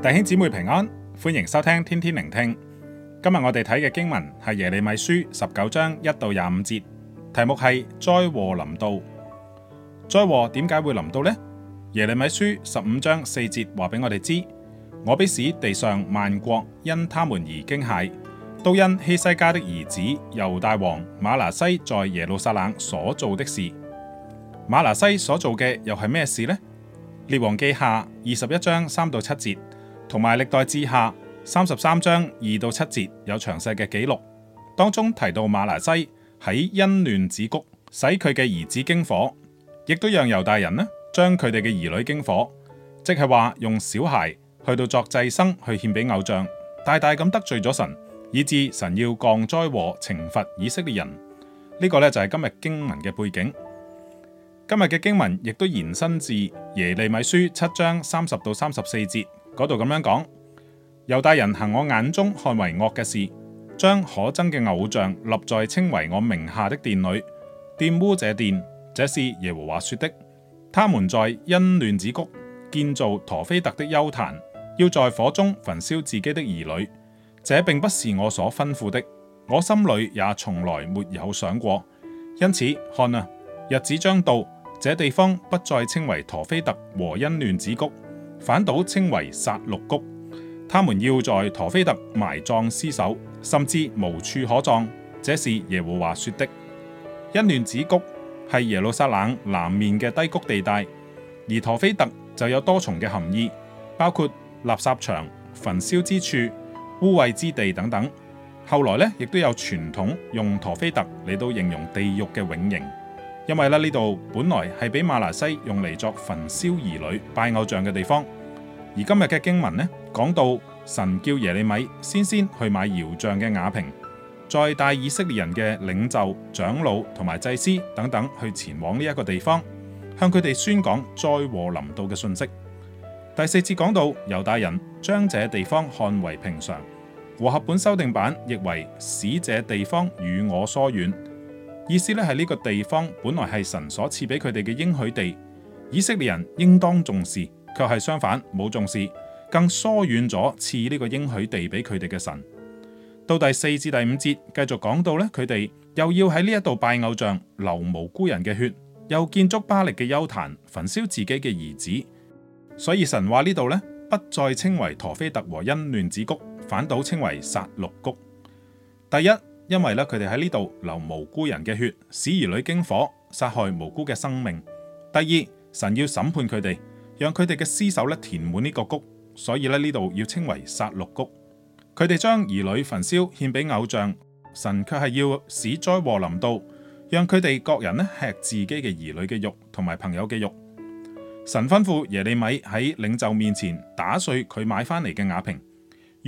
弟兄姊妹平安，歡迎收聽天天聆聽。今日我哋睇嘅經文係耶利米書十九章一到廿五節，題目係災禍臨到。災禍點解會臨到呢？耶利米書十五章四節話俾我哋知：我必使地上萬國因他們而驚駭，都因希西家的兒子猶大王馬拿西在耶路撒冷所做的事。馬拿西所做嘅又係咩事呢？列王記下二十一章三到七節。同埋歷代之下三十三章二到七節有詳細嘅記錄，當中提到瑪拿西喺欣嫩子谷使佢嘅兒子經火，亦都讓猶大人呢將佢哋嘅兒女經火，即係話用小孩去到作祭牲去獻俾偶像，大大咁得罪咗神，以致神要降災和懲罰以色列人。呢、這個呢就係今日經文嘅背景。今日嘅經文亦都延伸至耶利米書七章三十到三十四節。嗰度咁樣講，猶大人行我眼中看為惡嘅事，將可憎嘅偶像立在稱為我名下的殿裏，玷污這殿。這是耶和華說的。他們在欣嫩子谷建造陀斐特的丘壇，要在火中焚燒自己的兒女。這並不是我所吩咐的，我心裏也從來沒有想過。因此，看啊，日子將到，這地方不再稱為陀斐特和欣嫩子谷。反倒稱為殺戮谷，他們要在陀斐特埋葬屍首，甚至無處可葬。這是耶和華說的。欣嫩子谷係耶路撒冷南面嘅低谷地帶，而陀斐特就有多重嘅含義，包括垃圾場、焚燒之處、污穢之地等等。後來呢，亦都有傳統用陀斐特嚟到形容地獄嘅永刑。因為咧呢度本來係俾瑪拿西用嚟作焚燒兒女、拜偶像嘅地方，而今日嘅經文呢講到神叫耶利米先先去買窯匠嘅瓦瓶，再帶以色列人嘅領袖、長老同埋祭司等等去前往呢一個地方，向佢哋宣講災禍臨到嘅信息。第四節講到猶大人將這地方看為平常，和合本修訂版譯為使這地方與我疏遠。意思咧係呢個地方本來係神所賜俾佢哋嘅應許地，以色列人應當重視，卻係相反冇重視，更疏遠咗賜呢個應許地俾佢哋嘅神。到第四至第五節，繼續講到咧，佢哋又要喺呢一度拜偶像，流無辜人嘅血，又建築巴力嘅丘壇，焚燒自己嘅兒子。所以神話呢度呢，不再稱為陀斐特和欣嫩子谷，反倒稱為殺戮谷。第一。因為咧，佢哋喺呢度流無辜人嘅血，使兒女經火，殺害無辜嘅生命。第二，神要審判佢哋，讓佢哋嘅屍首咧填滿呢個谷，所以咧呢度要稱為殺戮谷。佢哋將兒女焚燒獻俾偶像，神卻係要使災禍臨到，讓佢哋各人咧吃自己嘅兒女嘅肉同埋朋友嘅肉。神吩咐耶利米喺領袖面前打碎佢買翻嚟嘅瓦瓶。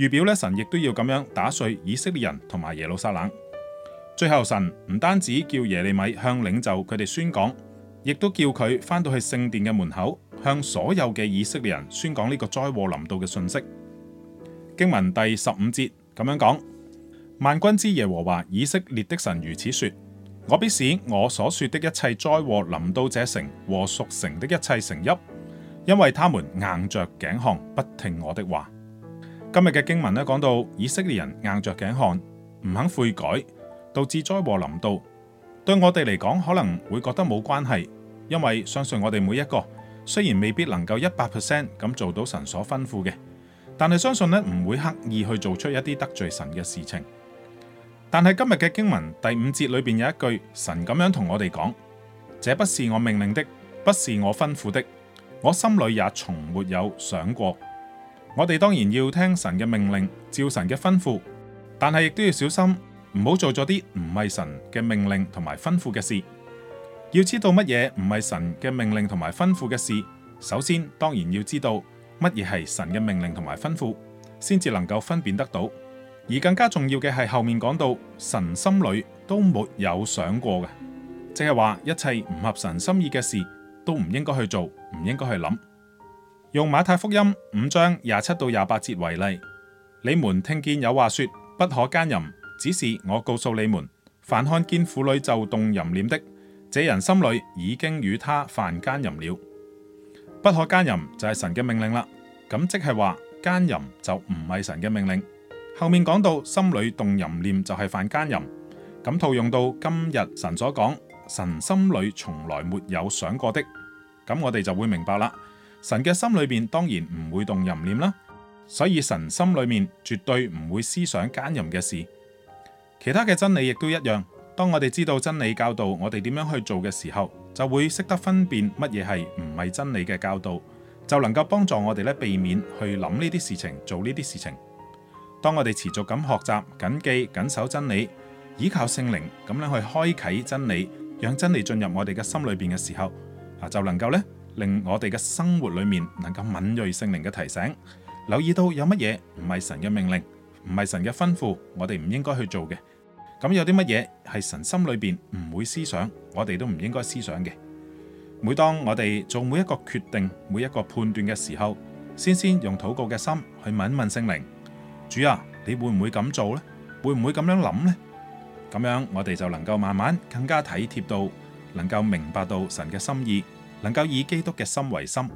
預表咧，神亦都要咁樣打碎以色列人同埋耶路撒冷。最後，神唔單止叫耶利米向領袖佢哋宣講，亦都叫佢返到去聖殿嘅門口，向所有嘅以色列人宣講呢個災禍臨到嘅信息。經文第十五節咁樣講：萬軍之耶和華以色列的神如此說：我必使我所說的一切災禍臨到這城和屬城的一切城邑，因為他們硬着頸項，不聽我的話。今日嘅經文咧講到，以色列人硬着頸項，唔肯悔改，導致災禍臨到。對我哋嚟講，可能會覺得冇關係，因為相信我哋每一個，雖然未必能夠一百 percent 咁做到神所吩咐嘅，但係相信呢唔會刻意去做出一啲得罪神嘅事情。但係今日嘅經文第五節裏邊有一句，神咁樣同我哋講：這不是我命令的，不是我吩咐的，我心裏也從沒有想過。我哋當然要聽神嘅命令，照神嘅吩咐，但係亦都要小心，唔好做咗啲唔係神嘅命令同埋吩咐嘅事。要知道乜嘢唔係神嘅命令同埋吩咐嘅事，首先當然要知道乜嘢係神嘅命令同埋吩咐，先至能夠分辨得到。而更加重要嘅係後面講到，神心裏都沒有想過嘅，即係話一切唔合神心意嘅事都唔應該去做，唔應該去諗。用馬太福音五章廿七到廿八節為例，你們聽見有話說不可奸淫，只是我告訴你們，凡看見婦女就動淫念的，這人心裏已經與他犯奸淫了。不可奸淫就係神嘅命令啦，咁即係話奸淫就唔係神嘅命令。後面講到心裏動淫念就係犯奸淫，咁套用到今日神所講，神心裏從來沒有想過的，咁我哋就會明白啦。神嘅心裏邊當然唔會動淫念啦，所以神心裏面絕對唔會思想奸淫嘅事。其他嘅真理亦都一樣。當我哋知道真理教導我哋點樣去做嘅時候，就會識得分辨乜嘢係唔係真理嘅教導，就能夠幫助我哋咧避免去諗呢啲事情，做呢啲事情。當我哋持續咁學習、謹記、謹守真理，依靠聖靈咁樣去開啟真理，讓真理進入我哋嘅心裏邊嘅時候，啊就能夠呢。令我哋嘅生活裏面能夠敏銳聖靈嘅提醒，留意到有乜嘢唔係神嘅命令，唔係神嘅吩咐，我哋唔應該去做嘅。咁有啲乜嘢係神心裏邊唔會思想，我哋都唔應該思想嘅。每當我哋做每一個決定、每一個判斷嘅時候，先先用禱告嘅心去問一問聖靈，主啊，你會唔會咁做呢？會唔會咁樣諗呢？咁樣我哋就能夠慢慢更加體貼到，能夠明白到神嘅心意。能夠以基督嘅心為心，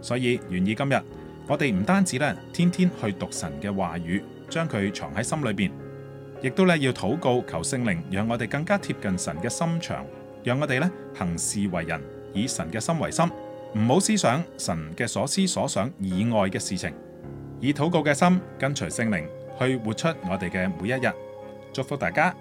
所以願意今日，我哋唔單止咧天天去讀神嘅話語，將佢藏喺心裏邊，亦都咧要禱告求聖靈，讓我哋更加貼近神嘅心腸，讓我哋咧行事為人以神嘅心為心，唔好思想神嘅所思所想以外嘅事情，以禱告嘅心跟隨聖靈去活出我哋嘅每一日。祝福大家。